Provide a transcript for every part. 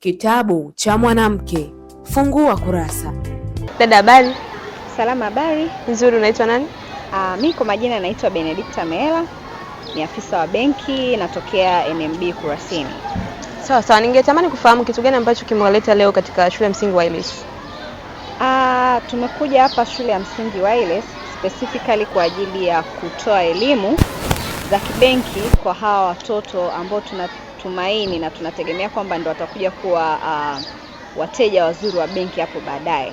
Kitabu cha mwanamke fungua kurasa. Dada habari? Salama. Habari nzuri. Unaitwa nani? Uh, mi kwa majina naitwa Benedicta Meela, ni afisa wa benki natokea NMB Kurasini. Sawa sawa, ningetamani kufahamu kitu gani ambacho kimewaleta leo katika shule ya msingi Wireless? Ah, tumekuja hapa shule ya msingi Wireless specifically kwa ajili ya kutoa elimu za kibenki kwa hawa watoto ambao tuna tunatumaini na tunategemea kwamba ndo watakuja kuwa uh, wateja wazuri wa benki hapo baadaye.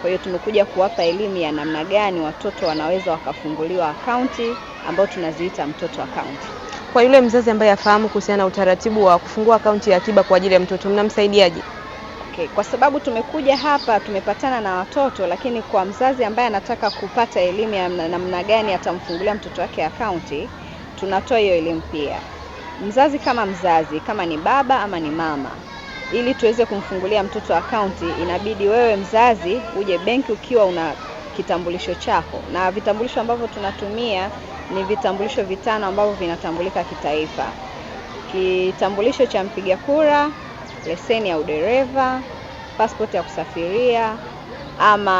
Kwa hiyo tumekuja kuwapa elimu ya namna gani watoto wanaweza wakafunguliwa akaunti ambao tunaziita mtoto akaunti. Kwa yule mzazi ambaye afahamu kuhusiana na utaratibu wa kufungua akaunti ya akiba kwa ajili ya mtoto mnamsaidiaje? Okay, kwa sababu tumekuja hapa tumepatana na watoto, lakini kwa mzazi ambaye anataka kupata elimu ya namna gani atamfungulia mtoto wake akaunti, tunatoa hiyo elimu pia mzazi kama mzazi, kama ni baba ama ni mama, ili tuweze kumfungulia mtoto akaunti, inabidi wewe mzazi uje benki ukiwa una kitambulisho chako, na vitambulisho ambavyo tunatumia ni vitambulisho vitano ambavyo vinatambulika kitaifa: kitambulisho cha mpiga kura, leseni ya udereva, pasipoti ya kusafiria ama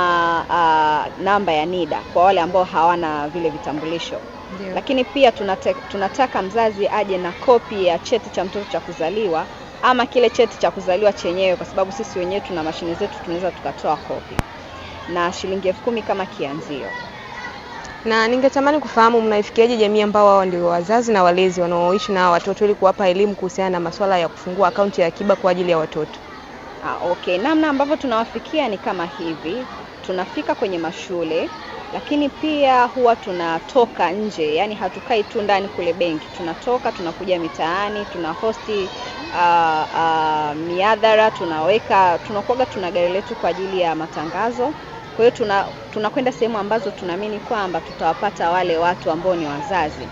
uh, namba ya NIDA kwa wale ambao hawana vile vitambulisho. Ndiyo. Lakini pia tunataka, tunataka mzazi aje na kopi ya cheti cha mtoto cha kuzaliwa ama kile cheti cha kuzaliwa chenyewe, kwa sababu sisi wenyewe tuna mashine zetu, tunaweza tukatoa kopi na shilingi elfu kumi kama kianzio. Na ningetamani kufahamu mnaifikiaje jamii ambao wao ndio wazazi na walezi wanaoishi na watoto ili kuwapa elimu kuhusiana na masuala ya kufungua akaunti ya akiba kwa ajili ya watoto? Ah, okay. Namna ambavyo tunawafikia ni kama hivi tunafika kwenye mashule, lakini pia huwa tunatoka nje, yani hatukai tu ndani kule benki, tunatoka tunakuja mitaani, tuna hosti uh, uh, miadhara, tunaweka tunakuaga, tuna gari letu kwa ajili ya matangazo. Kwa hiyo tuna tunakwenda sehemu ambazo tunaamini kwamba tutawapata wale watu ambao ni wazazi.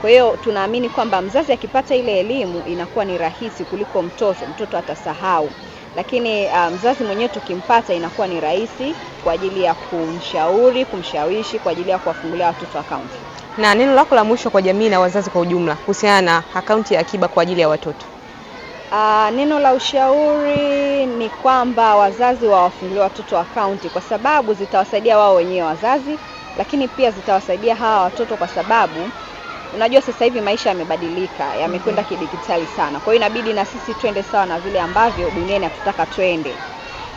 Kwa hiyo tunaamini kwamba mzazi akipata ile elimu inakuwa ni rahisi kuliko mtoto. Mtoto atasahau lakini uh, mzazi mwenyewe tukimpata inakuwa ni rahisi kwa ajili ya kumshauri, kumshawishi kwa ajili ya kuwafungulia watoto akaunti. Na neno lako la mwisho kwa jamii na wazazi kwa ujumla kuhusiana na akaunti ya akiba kwa ajili ya watoto? Uh, neno la ushauri ni kwamba wazazi wawafungulie watoto akaunti kwa sababu zitawasaidia wao wenyewe wazazi, lakini pia zitawasaidia hawa watoto kwa sababu Unajua sasa hivi maisha yamebadilika, yamekwenda mm-hmm. kidigitali sana. Kwa hiyo inabidi na sisi twende sawa na vile ambavyo dunia inatutaka twende.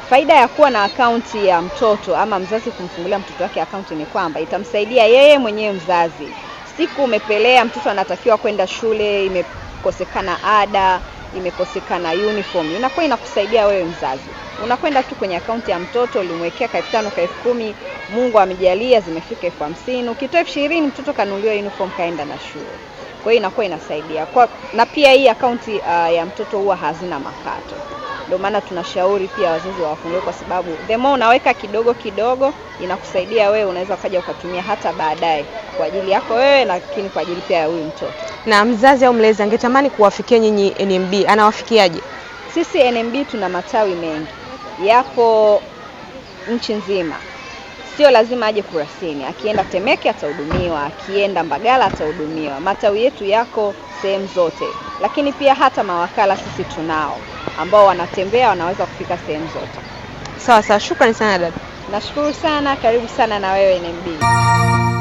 Faida ya kuwa na akaunti ya mtoto ama mzazi kumfungulia mtoto wake akaunti ni kwamba itamsaidia yeye mwenyewe mzazi. Siku umepelea mtoto anatakiwa kwenda shule, imekosekana ada, imekosekana uniform, inakuwa inakusaidia wewe mzazi unakwenda tu kwenye akaunti ya mtoto, ulimwekea ka elfu tano ka elfu kumi Mungu amejalia zimefika elfu hamsini ukitoa elfu ishirini mtoto kanunuliwa uniform kaenda na shule. Kwa hiyo inakuwa inasaidia kwa, na pia hii akaunti uh, ya mtoto huwa hazina makato, ndio maana tunashauri pia wazazi wawafungue, kwa sababu the more unaweka kidogo kidogo inakusaidia wewe, unaweza ukaja ukatumia hata baadaye kwa ajili yako wewe, lakini kwa ajili pia ya huyu mtoto. Na mzazi au mlezi angetamani kuwafikia nyinyi NMB, anawafikiaje? Sisi NMB tuna matawi mengi yako nchi nzima, sio lazima aje Kurasini. Akienda Temeke atahudumiwa, akienda Mbagala atahudumiwa. Matawi yetu yako sehemu zote, lakini pia hata mawakala sisi tunao ambao wanatembea, wanaweza kufika sehemu zote. Sawa sawa, shukrani sana dada. Nashukuru sana, karibu sana na wewe NMB.